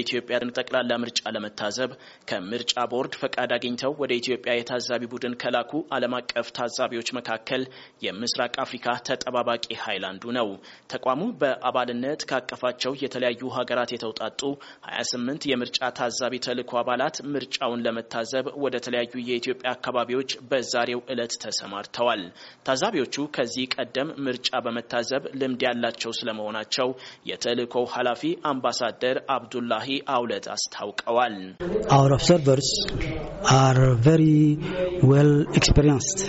የኢትዮጵያ ጠቅላላ ምርጫ ለመታዘብ ከምርጫ ቦርድ ፈቃድ አግኝተው ወደ ኢትዮጵያ የታዛቢ ቡድን ከላኩ ዓለም አቀፍ ታዛቢዎች መካከል የምስራቅ አፍሪካ ተጠባባቂ ኃይል አንዱ ነው። ተቋሙ በአባልነት ካቀፋቸው የተለያዩ ሀገራት የተውጣጡ 28 የምርጫ ታዛቢ ተልዕኮ አባላት ምርጫውን ለመታዘብ ወደ ተለያዩ የኢትዮጵያ አካባቢዎች በዛሬው ዕለት ተሰማርተዋል። ታዛቢዎቹ ከዚህ ቀደም ምርጫ በመታዘብ ልምድ ያላቸው ስለመሆናቸው የተልዕኮው ኃላፊ አምባሳደር አብዱላሂ አውለት አስታውቀዋል። አወር ኦብሰርቨርስ አር ቨሪ ዌል ኤክስፔሪንስድ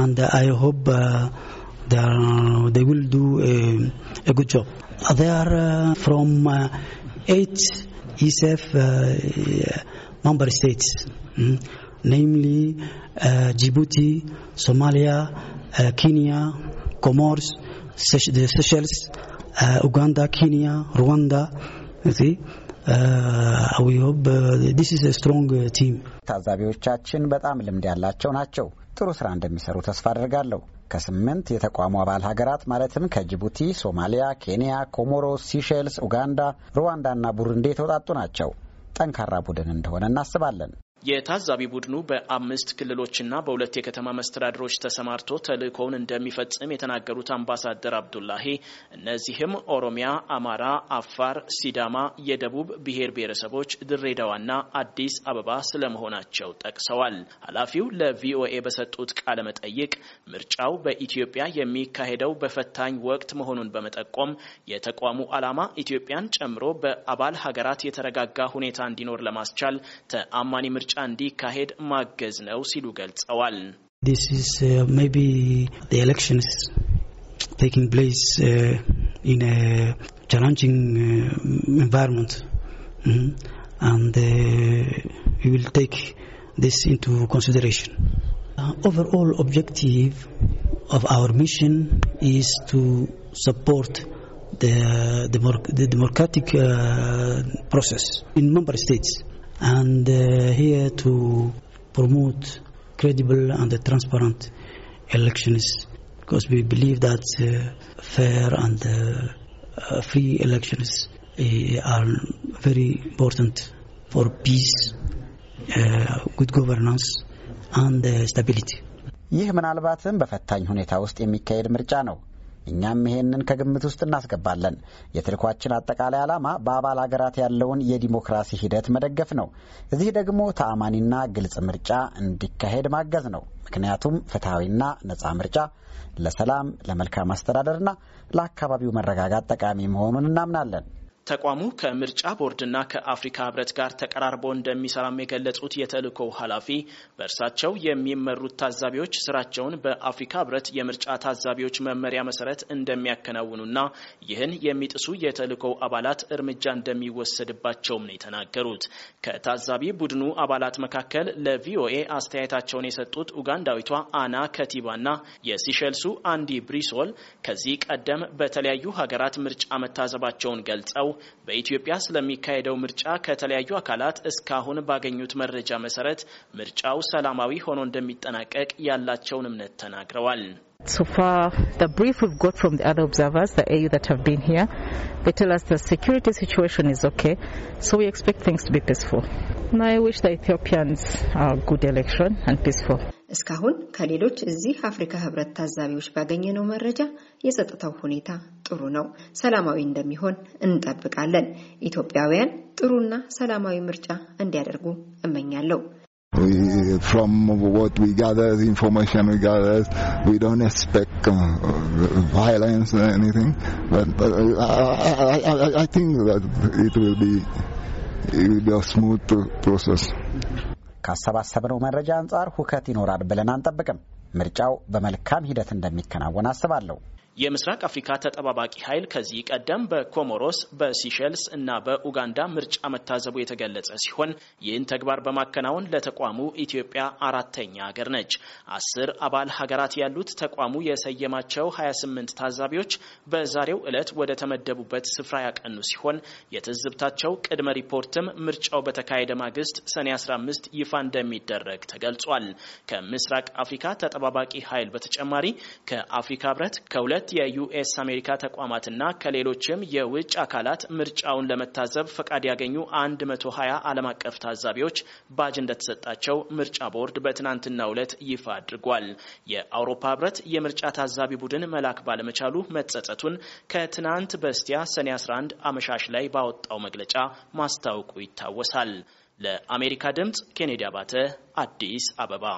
አንድ አይ ሆፕ they will do a, uh, a good job. They are uh, from uh, eight ESF e uh, member states, mm, namely uh, Djibouti, Somalia, uh, Kenya, Comoros, the Seychelles, uh, Uganda, Kenya, Rwanda. You see, ዲስ ኢዝ ስትሮንግ ቲም። ታዛቢዎቻችን በጣም ልምድ ያላቸው ናቸው። ጥሩ ስራ እንደሚሰሩ ተስፋ አድርጋለሁ። ከስምንት የተቋሙ አባል ሀገራት ማለትም ከጅቡቲ፣ ሶማሊያ፣ ኬንያ፣ ኮሞሮስ፣ ሲሼልስ፣ ኡጋንዳ፣ ሩዋንዳና ቡሩንዲ የተውጣጡ ናቸው። ጠንካራ ቡድን እንደሆነ እናስባለን። የታዛቢ ቡድኑ በአምስት ክልሎችና በሁለት የከተማ መስተዳድሮች ተሰማርቶ ተልእኮውን እንደሚፈጽም የተናገሩት አምባሳደር አብዱላሂ እነዚህም ኦሮሚያ፣ አማራ፣ አፋር፣ ሲዳማ፣ የደቡብ ብሔር ብሔረሰቦች ድሬዳዋና አዲስ አበባ ስለመሆናቸው ጠቅሰዋል። ኃላፊው ለቪኦኤ በሰጡት ቃለ መጠይቅ ምርጫው በኢትዮጵያ የሚካሄደው በፈታኝ ወቅት መሆኑን በመጠቆም የተቋሙ ዓላማ ኢትዮጵያን ጨምሮ በአባል ሀገራት የተረጋጋ ሁኔታ እንዲኖር ለማስቻል ተአማኒ ምርጫ This is uh, maybe the elections taking place uh, in a challenging uh, environment mm-hmm. and we will take this into consideration. overall objective of our mission is to support the, democratic process in member states and uh, here to promote credible and transparent elections because we believe that uh, fair and uh, uh free elections eh, are very important for peace, uh, good governance and uh, stability. ይህ ምናልባትም በፈታኝ ሁኔታ ውስጥ የሚካሄድ ምርጫ ነው። እኛም ይሄንን ከግምት ውስጥ እናስገባለን። የትልኳችን አጠቃላይ ዓላማ በአባል አገራት ያለውን የዲሞክራሲ ሂደት መደገፍ ነው። እዚህ ደግሞ ተአማኒና ግልጽ ምርጫ እንዲካሄድ ማገዝ ነው። ምክንያቱም ፍትሐዊና ነጻ ምርጫ ለሰላም፣ ለመልካም አስተዳደርና ለአካባቢው መረጋጋት ጠቃሚ መሆኑን እናምናለን። ተቋሙ ከምርጫ ቦርድና ከአፍሪካ ህብረት ጋር ተቀራርቦ እንደሚሰራም የገለጹት የተልእኮው ኃላፊ በእርሳቸው የሚመሩት ታዛቢዎች ስራቸውን በአፍሪካ ህብረት የምርጫ ታዛቢዎች መመሪያ መሰረት እንደሚያከናውኑና ይህን የሚጥሱ የተልእኮው አባላት እርምጃ እንደሚወሰድባቸውም ነው የተናገሩት። ከታዛቢ ቡድኑ አባላት መካከል ለቪኦኤ አስተያየታቸውን የሰጡት ኡጋንዳዊቷ አና ከቲባና የሲሸልሱ አንዲ ብሪሶል ከዚህ ቀደም በተለያዩ ሀገራት ምርጫ መታዘባቸውን ገልጸው በኢትዮጵያ ስለሚካሄደው ምርጫ ከተለያዩ አካላት እስካሁን ባገኙት መረጃ መሰረት ምርጫው ሰላማዊ ሆኖ እንደሚጠናቀቅ ያላቸውን እምነት ተናግረዋል። So far, the brief we've got from the other observers, the AU that have been here, they tell us the security situation is okay, so we expect things to be peaceful. And I wish the Ethiopians a good election and peaceful. እስካሁን ከሌሎች እዚህ አፍሪካ ህብረት ታዛቢዎች ባገኘነው መረጃ የጸጥታው ሁኔታ ጥሩ ነው፣ ሰላማዊ እንደሚሆን እንጠብቃለን። ኢትዮጵያውያን ጥሩና ሰላማዊ ምርጫ እንዲያደርጉ እመኛለሁ። ኢት ካሰባሰብነው መረጃ አንጻር ሁከት ይኖራል ብለን አንጠብቅም። ምርጫው በመልካም ሂደት እንደሚከናወን አስባለሁ። የምስራቅ አፍሪካ ተጠባባቂ ኃይል ከዚህ ቀደም በኮሞሮስ በሲሸልስ እና በኡጋንዳ ምርጫ መታዘቡ የተገለጸ ሲሆን ይህን ተግባር በማከናወን ለተቋሙ ኢትዮጵያ አራተኛ ሀገር ነች። አስር አባል ሀገራት ያሉት ተቋሙ የሰየማቸው 28 ታዛቢዎች በዛሬው ዕለት ወደ ተመደቡበት ስፍራ ያቀኑ ሲሆን የትዝብታቸው ቅድመ ሪፖርትም ምርጫው በተካሄደ ማግስት ሰኔ 15 ይፋ እንደሚደረግ ተገልጿል። ከምስራቅ አፍሪካ ተጠባባቂ ኃይል በተጨማሪ ከአፍሪካ ህብረት ከሁለት ሁለት የዩኤስ አሜሪካ ተቋማትና ከሌሎችም የውጭ አካላት ምርጫውን ለመታዘብ ፈቃድ ያገኙ 120 ዓለም አቀፍ ታዛቢዎች ባጅ እንደተሰጣቸው ምርጫ ቦርድ በትናንትናው ዕለት ይፋ አድርጓል። የአውሮፓ ህብረት የምርጫ ታዛቢ ቡድን መላክ ባለመቻሉ መጸጸቱን ከትናንት በስቲያ ሰኔ 11 አመሻሽ ላይ ባወጣው መግለጫ ማስታወቁ ይታወሳል። ለአሜሪካ ድምፅ ኬኔዲ አባተ አዲስ አበባ